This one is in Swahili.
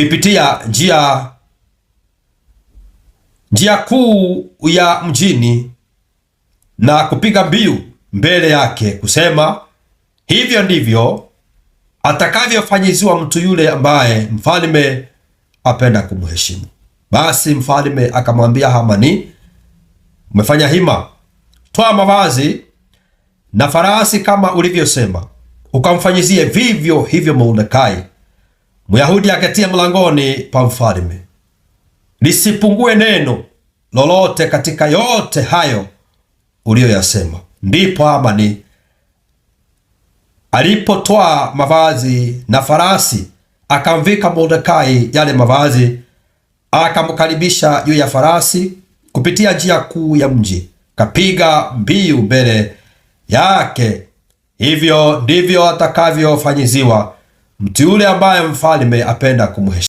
kuipitia njia njia kuu ya mjini na kupiga mbiu mbele yake kusema, hivyo ndivyo atakavyofanyiziwa mtu yule ambaye mfalme apenda kumheshimu. Basi mfalme akamwambia Hamani, umefanya hima, toa mavazi na farasi kama ulivyosema, ukamfanyizie vivyo hivyo Mordekai. Myahudi aketia mlangoni pa mfalme. Lisipungue neno lolote katika yote hayo uliyoyasema. Ndipo amani alipotwaa mavazi na farasi, akamvika Mordekai yale mavazi, akamkaribisha juu ya farasi kupitia njia kuu ya mji, kapiga mbiu mbele yake. Hivyo ndivyo atakavyofanyiziwa mtu yule ambaye mfalme apenda kumheshimu.